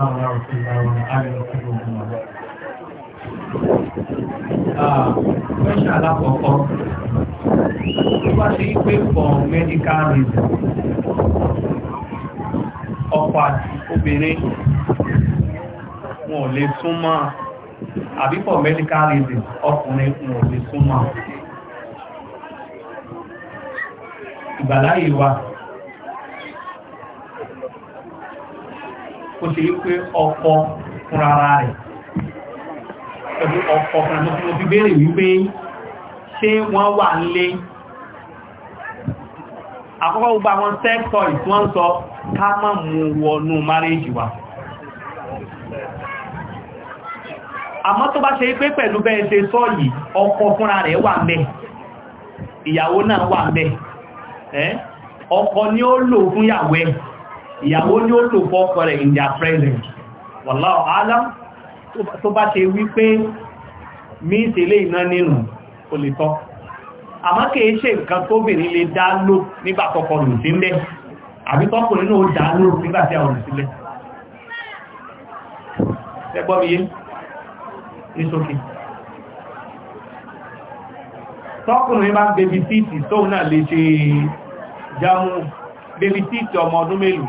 Question alákọ̀ọ́kọ́, tó bá ṣe pé for medical reason, ọkọ àti obìnrin wọn ò lè súnmọ́, àbí for medical reason, ọkùnrin wọn ò lè súnmọ́. Ìgbàláyé wa. kò se yí pé ọkọ fúnra rẹ̀ pẹ̀lú ọkọ fúnra tó fún bèèrè wípé ṣé wọ́n wà nílé àkọ́kọ́ gbogbo àwọn sẹ́kọ̀ ìtún sọ ká mú wọnú márèjì wa àmọ́ tó bá ṣe pé pẹ̀lú bẹ́ẹ̀ ọkọ fúnra rẹ̀ wà ìyàwó náà wà ọkọ ni ó lò fún ìyàwó ní ó lò fọ́kọ rẹ̀ in their presence wallahu alam tó bá ṣe wípé míìsì ilé iná nínú kò lè tọ́ àmọ́ kìí ṣe nǹkan tóbìnrin lè dá lò nígbà tọkọ lò sí ńlẹ̀ àbí tọkùnrin náà ó dá lò nígbà tí a ò lò sílẹ̀ ẹgbọ́n mi yé ní sókè tọ́kùnrin bá bèbí síìtì tóun náà lè ṣe jámú bèbí síìtì ọmọ ọdún mélòó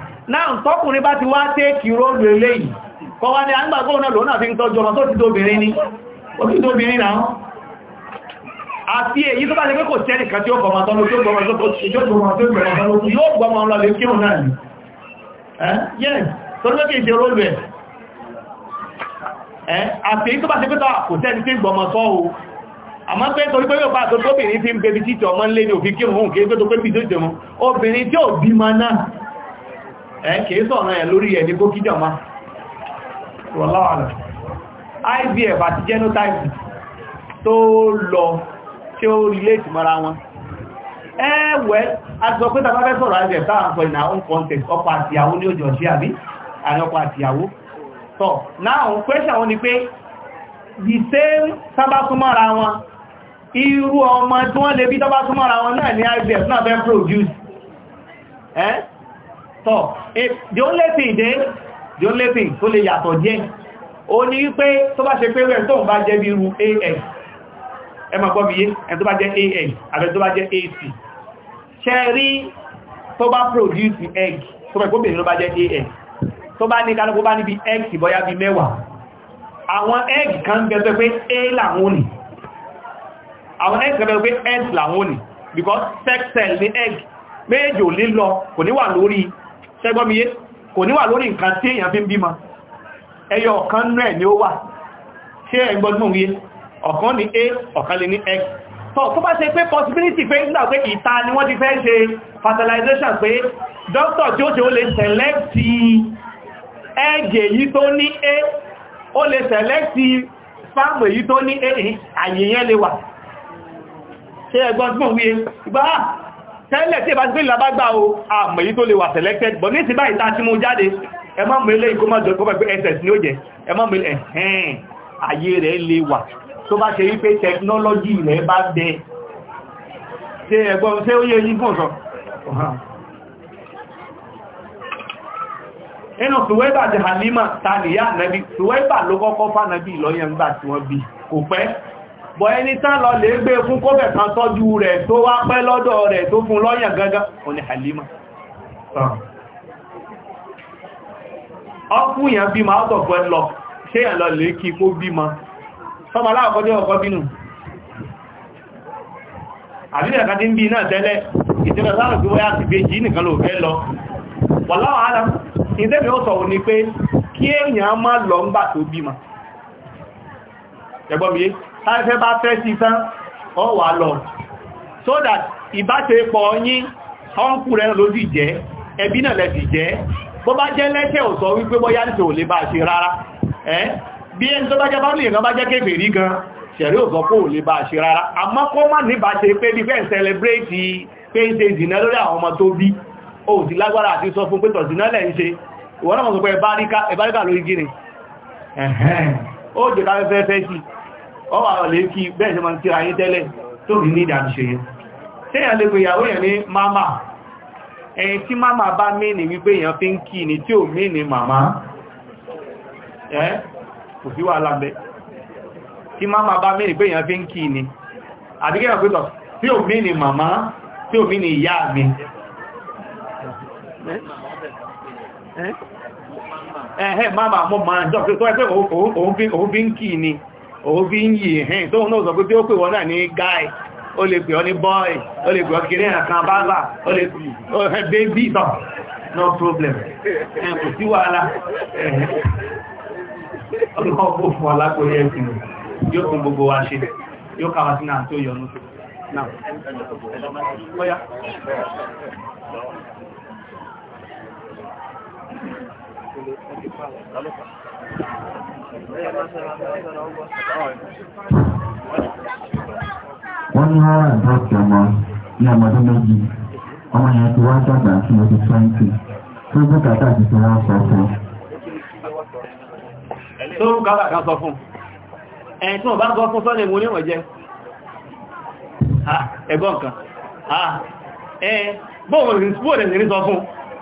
náà tọ́kùnrin bá ti wá tẹ́ẹ̀kì róòlù eléyìí kọ́ wá ní àgbàgbọ́ náà lónà fi ń tọ́jú ọmọ tó ti tóbìnrin ní ó ti tóbìnrin náà àti èyí tó bá lè pé kò tẹ́rì kàtí ó gbọmọ tọ́lú tó gbọmọ tó gbọmọ tó gbọmọ tọ́lú yóò gbọmọ ọlọ́ lè kírùn náà ni ẹ́ tó ló kí ìṣẹ́ róòlù ẹ̀ àti èyí tó bá lè pé kò tẹ́rì tí gbọmọ tọ́ o àmọ́ pé torí pé yóò bá tó tóbìnrin fi ń bẹbi títì ọmọ ńlé ní òfin kírùn òun kí é pé tó pé bí tó jẹun obìnrin tí ò bímọ náà ẹ̀ eh, kìí sọ̀rọ̀ ẹ̀ lórí ẹ̀ ní bókídọ̀má rọ̀láwàlẹ̀ IVF àti genotype tó lọ tí ó relate mara wọn ẹ̀wẹ́ àjọ IVF so ni same wọn irú ọmọ tí wọ́n lè bí tọ́bá súnmọ́ra wọn náà IVF náà fẹ́ produce eh tọ́ eh, the only thing dé the only thing tó lè yàtọ̀ díẹ̀ o ní wípé tó bá ṣe pé rẹ̀ tó ń bá jẹ́ bí irú am ẹ máa gbọ́ mi yé ẹ tó bá jẹ́ am àbẹ́ tó bá jẹ́ ac ṣe rí tó bá produce egg tó bá ìgbóbìnrin ló bá jẹ́ am tó bá ní kálùkù bá níbi egg bọ́yá bí mẹ́wàá àwọn egg kan gẹ́gẹ́ pé a làwọn òní egg kan gẹ́gẹ́ pé s làwọn òní because sex cell ní egg méjò lílọ kò ní wà lórí sẹ́gbọ́mìyé kò níwà lórí nǹkan tí èyàn fi ń bímọ ẹyọ ọ̀kan rẹ̀ ni ó wà tí ẹ gbọ́gbọ́n wíyé ọ̀kan ní a ọ̀kan lè ní x tó tó bá ṣe pé possibility pé nígbà pé ìta ni wọ́n ti fẹ́ ṣe fertilization pé doctor tí ó ṣe ó lè select egg èyí tó ní a ó lè select sperm èyí tó ní a àyè yẹn lè wà tí ẹ gbọ́gbọ́n wíyé ìgbà tẹ́lẹ̀ tí ìbá ti pé ìlàbá gbà o àmọ̀ èyí tó lè wà selected but ní ti báyìí tí mo jáde ẹ má mẹ́lẹ̀ ìkómájọ kọ́pẹ́ pé ss ní ó ẹ má mẹ́lẹ̀ ẹ̀hẹ́n ayé rẹ̀ lè wà tó bá ṣe wípé technology rẹ̀ bá bẹ ṣe ẹgbọ́n ṣe ó yẹ yí fún ọ̀sọ̀ inú Suwaiba àti Halima ta nìyá nàbí Suwaiba ló kọ́kọ́ fánàbí ìlọ́yẹ̀ ńgbà tí wọ́n bí kò pẹ́ bọ̀ ẹni tán lọ lè gbé fún kóbẹ̀ kan tọ́jú rẹ̀ tó wá pẹ́ lọ́dọ̀ rẹ̀ tó fún lọ́yàn gangan òun Halima ah. ọkùn yàn bí ma lọ ṣe yàn lọ lè kí kó bí ma sọmọ aláàkọ́jọ́ bínú bí táfẹ́ bá fẹ́ sí tán ọ wà lọ so that ìbáṣepọ̀ yín ọ́nkù rẹ̀ ló sì jẹ́ ẹbí náà lẹ sì jẹ́ bó bá jẹ́ lẹ́ṣẹ̀ ò sọ wípé bóyá ní tòun lè bá ṣe rárá ẹ́ bí ẹni tó bá jẹ́ bábìlì kan bá jẹ́ kéfèrí gan ṣẹ̀rí ò sọ pé ò lè bá ṣe rárá àmọ́ kó má ní bá ṣe pé bí fẹ́ celebrate pé ń ṣe ìdìnà lórí àwọn ọmọ tó bí ó sì lágbára àti sọ fún pé tọ̀sìnà lẹ́ ń ṣe ìwọ́n náà mọ̀ sọ jẹ́ láfẹ́fẹ́ sí ọwà ọ̀lẹ́ kí bẹ́ẹ̀ ṣe ma ń tí ayé tẹ́lẹ̀ tó rí ní ìdàmṣe yẹn tẹ́yàn lè pèyàwó yẹn ní mama ẹni tí mama bá mẹ́ni wípé èyàn fi ń kí ni tí ò mẹ́ni mama ẹ́ kò sí wà lábẹ́ tí mama bá mẹ́ni pé èyàn fi ń kí ni àdíkẹ́ ọ̀pẹ́tọ̀ tí ò mẹ́ni mama tí ò mẹ́ni ìyá mi ẹ̀ẹ́ mama mo ma jọ pé tó ẹgbẹ́ òun fi ń kí ni òun fi ń yìí hìn tóun náà sọ pé tí ó pè wọ́n guy o lè pè ọ ní boy ó lè pè ọ́ kìíní àkàn bábà ó lè pè ọ́ baby no problem kò sí wàhálà ọlọ́pọ̀ fún alágbóyé ẹ̀sìn yóò tún gbogbo wa ṣe yóò káwà sí náà tó yọnu Thank you. wọ́n ní wọ́n rà ìbọ̀kì ọmọ ní ọmọdé méjì ọmọ yẹn ti wá dàgbà sí oṣù twenty tó bùkátà ti fi wá sọ fún un. tó bùkátà ká sọ fún un ẹni tí wọ́n bá gbọ́ fún sọ́nà ìmúlẹ̀ wọ̀n jẹ́ ẹ̀gbọ́n kan bóòlù ní sọ fún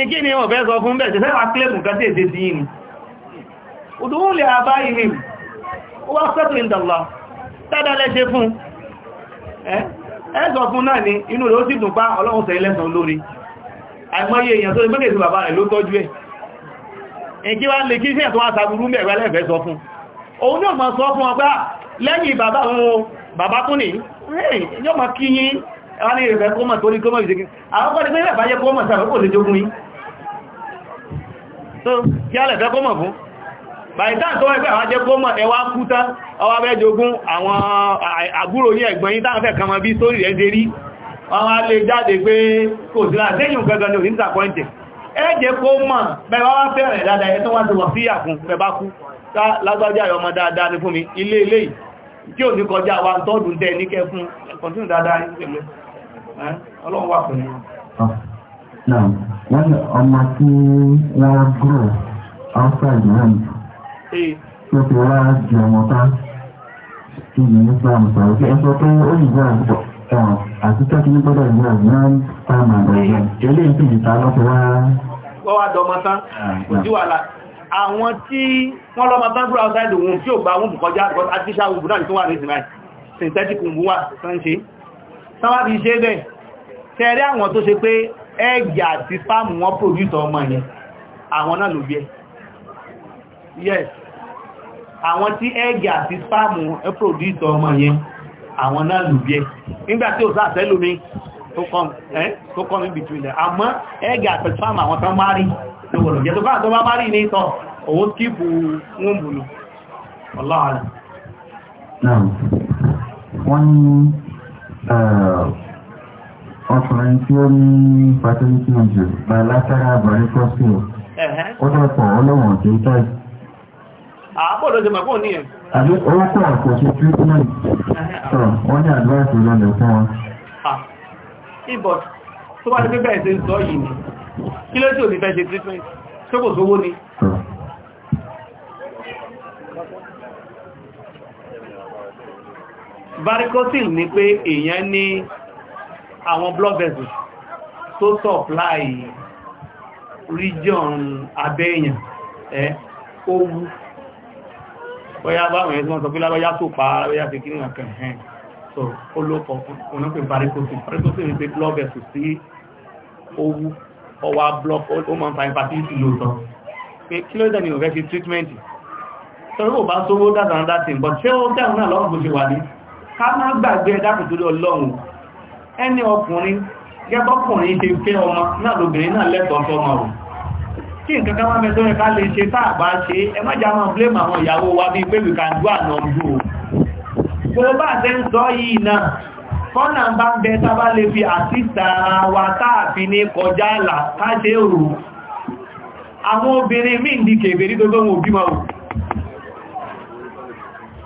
ẹgbẹ́ ni wọ́n fẹ́ sọ fún bẹ́ẹ̀ tẹ́fẹ́ wà kílẹ̀mù kásẹ̀ èdè sí yìí òdúnwò lè àbá ìhìn ó wá sẹ́tù ìdàlá tádà lẹ́ṣẹ́ fún ẹ́ sọ fún náà ni inú rẹ̀ ó sì dùn pa ọlọ́run sẹ́yìn lẹ́sàn lórí àìmọye èèyàn tó ní mẹ́kẹ̀ẹ́sì bàbá rẹ̀ ló tọ́jú ẹ̀ ẹ̀kí wá lè kí sí ẹ̀tọ́ àtàgùrú mẹ́rẹ̀ lẹ́fẹ́ sọ fún òun náà mọ̀ sọ fún ọgbá ah, lẹ́yìn bàbá òun bàbá wọ́n ní ìrẹ̀fẹ́ kọ́mọ̀ tó ní kọ́mọ̀ ìṣẹ́gí àwọn kọ́ ni pé ìrẹ̀fẹ́ jẹ́ kọ́mọ̀ sàfẹ́ kò lè jogun yí so kí a lẹ̀fẹ́ kọ́mọ̀ fún bàìtàn tó ẹgbẹ́ àwọn jẹ́ kọ́mọ̀ ẹwà kúta ọwá bẹ́ jogun àwọn àbúrò ní ẹ̀gbọ́n yín táwọn fẹ́ kan mọ́ bí sórí rẹ̀ dé rí wọ́n á lè jáde pé kò sí láàtẹ́yìn gangan ní òní disappointed ẹ jẹ́ kó mọ̀ bẹ́ẹ̀ wá fẹ́rẹ̀ dáadáa ẹ tó wá ti wọ̀ sí àkùn bẹ́ẹ̀ bá kú kọjá wa tọ́dún tẹ́ ní kẹ́ fún ẹ̀kọ̀tún dáadáa ní pẹ̀lú ọlọ́run wà pẹ̀lú. náà wọ́n ní ọmọ tí wọ́n grow outside land tó ti wá di ọmọ tán tí ìlú islam sọ̀rọ̀ pé ẹ̀sọ́ tó ó yìí wà ọ̀ àti tó ti ní gbọ́dọ̀ ìlú ọ̀gbọ́n pàmà lọ́gbọ́n eléyìí sì ta lọ́sọ̀ wá. wọ́n wá dọmọ tán kò sí wàhálà àwọn tí wọ́n lọ́mọ tán grow outside the womb tí ò gba womb kọjá àti ṣáà womb náà tó wà ní ìsìn sáwá fi ṣe bẹ́ tẹ́rẹ àwọn tó ṣe pé ẹ́gì àti fáàmù wọn pòdútọ̀ ọmọ yẹn àwọn náà ló bí ẹ yes àwọn tí ẹ́gì àti fáàmù wọn pòdútọ̀ ọmọ yẹn àwọn náà ló bí ẹ nígbàtí ò sáàtẹ́ lómi tó kọ́ mi between them àmọ́ ẹ́gì àti fáàmù àwọn tán má rí lówọ̀lọ̀ jẹ́ tó bá tó bá má rí ní ìtọ̀ òun kíìpù wọn bùlù ọlọ́run wọ́n ní Uh, ọkùnrin tí ó ní fertility issue by lateral varicose field ó dẹ̀pọ̀ ọlọ́wọ̀n tí ó tọ́jú. àbọ̀dọ̀ ah, ṣe mọ̀ fún ní ẹ̀. àbí orúkọ àkọsí treatment sọ wọ́n ní advice lọ́lẹ̀ fún wọn. ibọ̀ ah, tó bá ti pé bẹ́ẹ̀ ṣe ń sọ yìí ni kí ló tí ò ní fẹ́ ṣe treatment ṣé kò sówó ni. varicocele ni pé èèyàn ní àwọn blood vessels tó supply region abẹ́yàn ẹ́ owú bóyá báwọn ẹ̀sùn sọ pé lábọ́yá tó pa lábọ́yá fi kíní ọ̀kẹ̀ ẹ̀hẹ́n so ó ló kọ̀ fún pé varicocele varicocele ni pé blood vessels sí owú ọwá block ó máa ń fa infertility lóòtọ́ pé kí ló dẹ̀ ni ò fẹ́ fi treatment sọ́rọ̀ bá sówó dáadáa dáadáa tí ń bọ̀ tí ó dáhùn náà lọ́gbọ̀n ṣe wà ní ká má gbàgbé ẹ̀dàkùn torí ọlọ́run ẹni ọkùnrin gẹ́bọ́kùnrin ṣe fẹ́ ọmọ náà lóbìnrin náà lẹ́tọ̀ọ́ fọ́mọ rò kí nǹkan kan máa mẹ́tọ́ rẹ̀ ká lè ṣe táà bá ṣe ẹ má jà máa wa bí pé we can do náà bá ń bẹ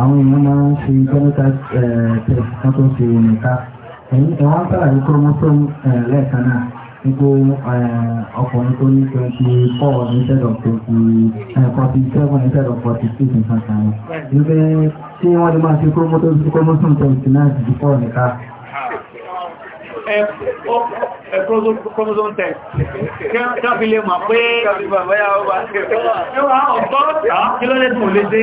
àwọn èèyàn máa ń ṣe gẹ́mẹ́ta test kan tó ṣe nìka ẹ̀yìn ẹ̀wọ́n sàlàyé chromosome lẹ́ẹ̀kan náà nígbó ọkùnrin tó ní twenty four instead of twenty forty seven instead of forty six nǹkan kan yẹn níbẹ̀ tí wọ́n ti máa ṣe chromosome test náà ti di four nìka. Chromosome test. Káfí lè mọ̀ pé ẹwà ọ̀pọ̀ kí ló lè tún lè dé.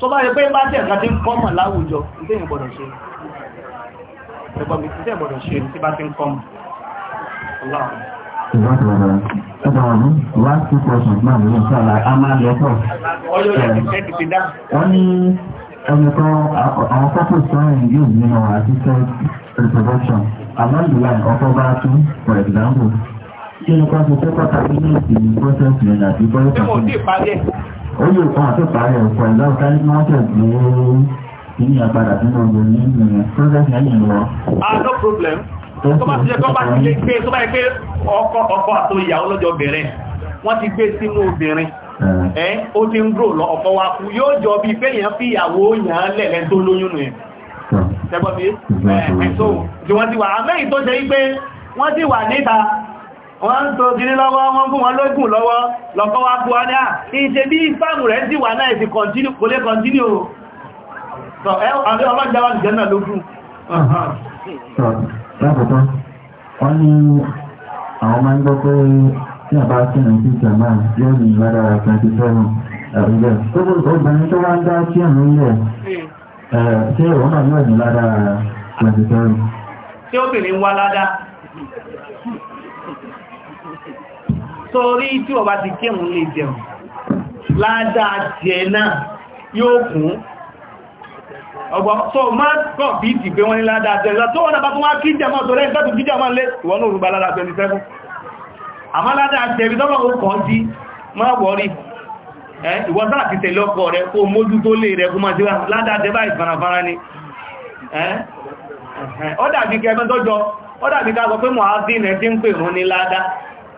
tó bá yẹ pé bá jẹ́ ǹkan tí ń kọ́mọ̀ láwùjọ ìtẹ́yìn gbọ́dọ̀ ṣe ẹgbọ́n mi ti tẹ́ gbọ́dọ̀ ṣe tí bá ti ń kọ́mọ̀ ọlọ́run Ẹnìkan àwọn couples sọ́rin yóò nínú àti sex reproduction along the line of over two for example. Kí ni kan ti tẹ́kọ̀ọ́ tàbí ní ìsinmi process yẹn àti bọ́ọ̀tà fún mi? ó lè fún àtúntà rẹ̀ pọ̀ ẹ̀dá kálímọ́tẹ̀ pé kìíní àpadà nínú ọgbọ̀n ní ìrìn prọ́sẹ̀sì ẹ̀yìn lọ. ah no problem tó bá ti jẹ́ kọ́ bá ti lè gbé tó bá yẹ pé ọkọ ọkọ àti ìyàwó lọ́jọ́ bẹ̀rẹ̀ wọ́n ti gbé sínú obìnrin ẹ́ eh. eh, ó ti ń gbò lọ ọ̀pọ̀ wa kú yóò jọ bí bẹ́yàn fi ìyàwó yàn án lẹ̀lẹ́ tó lóyún nù ẹ̀ tẹ́gbọ́n mi ẹ̀ tó ti wọ́n ti wà àmẹ́yìn tó ṣe wípé wọ́n ti wà níta wọ́n ń tó kiri lọ́wọ́ wọ́n fún wọn lógún lọ́wọ́ lọ́kọ́ wá kú wá ní à ìṣe bí ìsáàmù rẹ̀ sí wà náà ti kò lè kọntínú o àbí ọmọ ìjáwà ìjẹ́ náà lógún lápapọ̀ wọ́n ní àwọn máa ń gbọ́ pé tí a bá kírun sí jàmá yóò ní ládára twenty seven ẹ̀rùjẹ́ obìnrin tó wá ń wá ládá torí tí ọba ti kírun lè jẹun ládàá jẹ náà yóò kún ọgbọ̀n tó máa kàn bí ti pé wọ́n ni ládàá tiẹ̀ náà tó wọ́n náà bá wá kí jẹ máa tó lẹ́yìn tó kí jẹ́ lé ìwọ́n náà rúgbà ládàá twenty seven àmọ́ ládàá tiẹ̀ tọ́lọ́ ìwọ́n ti tẹ̀lé kó mójú tó lè kó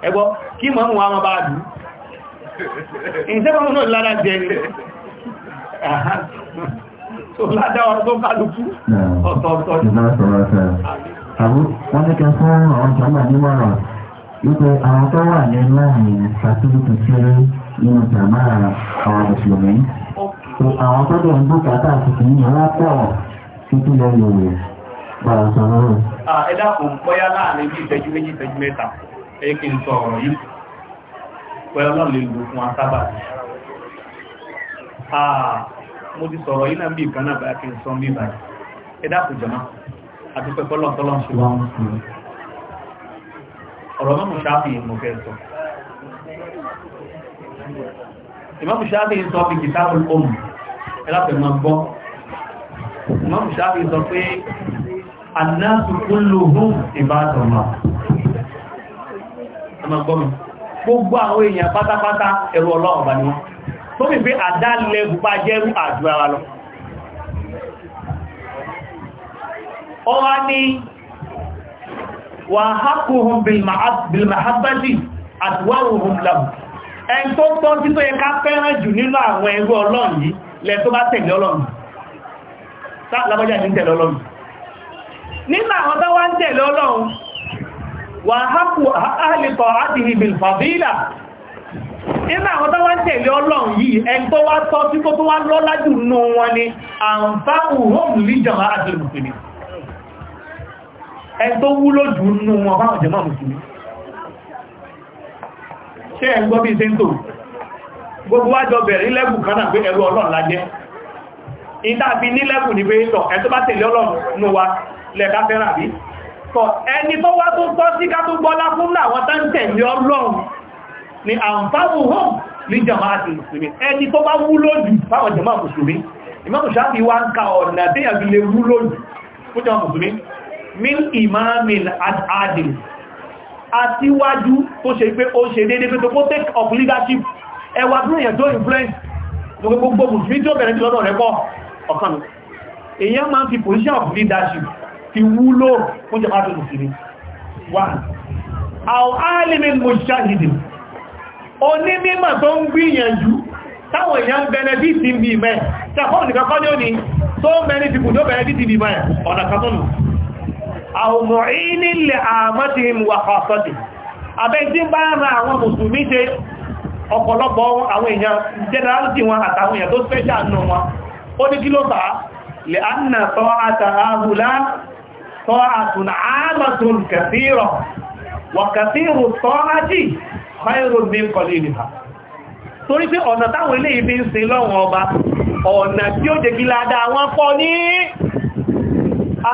ẹgbọ́ kí mọ̀ mú àwọn bá dùn ìṣẹ́gbọ́n náà lára jẹ ni tó ládá ọ̀rọ̀ tó kálukú ọ̀tọ̀ọ̀tọ̀ wọ́n ní kẹ fún àwọn ìjọba nímọ̀ràn wípé àwọn tó wà ní láàrin fàtílítì sí inú jàmá àwọn mùsùlùmí àwọn tó dẹ̀ ń bùkátà tuntun ní ọlọ́pọ̀ títí lọ lòrò bàrà sọ̀rọ̀ rẹ̀. ẹ dákun bóyá ẹ̀yẹ́ kí n sọ ọ̀rọ̀ yìí pẹ̀lú ọlọ́run lè lò fún asábà mo ti sọ̀rọ̀ yìí náà bí ìkan náà báyá kí n sọ bí báyìí ẹ dákun jọmọ́ àti pẹ̀pẹ́ lọ́tọ́lọ́ ṣe wá sọ pé anáàtù kúlù hù ìbátan náà ọmọgbọ́mọ̀ gbogbo àwọn èèyàn pátápátá ẹ̀rọ ọlọ́ọ̀bà ni wọ́n tó bí pé àdálẹ̀ bá jẹ́rú àdúrà lọ ọwá ní wà hákùhùn bilmahabbati àdúwáwùhùn lam ẹn tó tọ́ sí tó yẹ ká fẹ́ràn jù nínú àwọn ẹrú ọlọ́run yìí lẹ wà hápù àhálìtọ̀ àdìrí bil fàbílà nínú àwọn tó wá tẹ̀lé ọlọ́run yìí ẹni tó wá tọ́ sí tó tó wá lọ́lá jù nù wọn ni àǹfà òhùn líjọ àti mùsùlùmí ẹni tó wúlò jù nù wọn fáwọn jẹmọ́ mùsùlùmí ṣe ẹ̀ ń gbọ́ bí i sẹ́ntò gbogbo wájọ bẹ̀rẹ̀ lẹ́bù kan náà pé ẹrú ọlọ́run lájẹ́ ìtàbí nílẹ́bù ní pé ẹ̀tọ́ bá tẹ̀lé ọlọ́run nù wa lẹ́ẹ̀ká fẹ́ràn àbí tọ̀ ẹni tó wá tó tọ́ sí ká tó gbọ́lá fún láwọn tán tẹ̀lé ọlọ́run ni àǹfààbù hàn ní jama'a ti mùsùlùmí ẹni tó bá wúlò jù fáwọn jama'a mùsùlùmí ìmọ́tò sáàfi wá ń ka ọ̀nà tí yàgbì lè wúlò jù fún jama'a of leadership ẹwà tó yẹn tó influence gbogbo mùsùlùmí tí ó bẹ̀rẹ̀ tí lọ́dọ̀ rẹ̀ kọ́ ọ̀kan èèyàn máa ń fi position of leadership ti wúlò fún jama'a tó wà àwọn alimin mujahidin onímímọ̀ tó ń gbìyànjú táwọn èèyàn bẹnẹbìtì ń bí mẹ́ tàbọn nìkan kọ́ ní ó ní tó mẹ́rin fi kùn tó bẹnẹbìtì bí mẹ́ ọ̀nà kanúnù àwòmọ̀ ìnílẹ̀ àmọ́tìhìm wà kọ̀ọ̀sọ́dì abẹ́ tí ń bá ra àwọn mùsùlùmí ṣe ọ̀pọ̀lọpọ̀ àwọn èèyàn طاعة عامة كثيرة وكثير الطاعة خير من قليلها torí pé ọ̀nà táwọn ilé ibi lọ́wọ́ ọba ọ̀nà tí ó jẹ́ wọn ní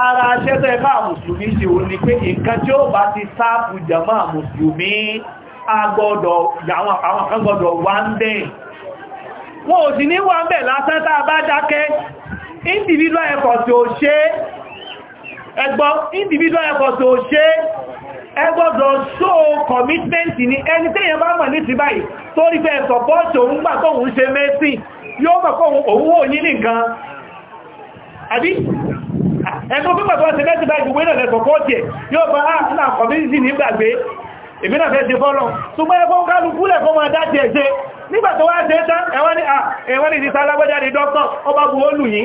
ara ṣẹ́tọ́ ẹbá mùsùlùmí ṣe ò ní pé tí ó bá ti sáàpù jàmá mùsùlùmí wọn ò ẹgbọ́ individual effort ò ṣe ẹgbọ́dọ̀ show commitment ní ẹni tí èyàn bá mọ̀ ní ti báyìí tó rí pé support òun gbà tó òun ṣe mẹ́sìn yóò mọ̀ kó òun ò ní nìkan àbí ẹgbọ́n pípọ̀ tó ṣe mẹ́sìn báyìí gbogbo ìrìnlẹ̀ support ẹ̀ yóò bá ààrùn àkọ̀mísì nígbàgbé ìbínà fẹ́ ṣe fọ́lọ̀ ṣùgbọ́n ẹgbọ́n kálukú lẹ̀kọ́ máa dájẹ̀ ṣe nígbà tó wá ṣe tán ẹwọ́n ah, ni ìsìta alágbẹ́jáde dọ́kọ̀ ọba buwọ́lù yìí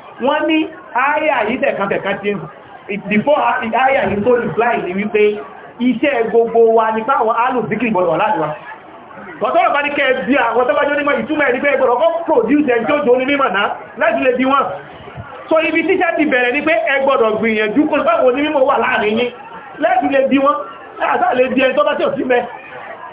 wọ́n ní àyà yìí tẹ̀kàntẹ̀kà tí before àyà yìí tó reply ní wípé iṣẹ́ gbogbo wa ní fáwọn alùsíkì gbọdọ̀ láàríwá kọ̀tọ́rọ̀ bá ní kẹ́ bí àwọn tó bá jọ nímọ̀ ìtumọ̀ ẹni pé ẹgbọ̀rọ̀ kọ́ produce ẹjọ́ jọ ní mímọ̀ náà láti lè bí wọn so ibi tíṣẹ́ ti bẹ̀rẹ̀ ní pé ẹgbọ̀dọ̀ gbìyànjú kọ́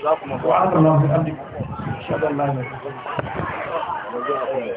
جزاكم الله خيرا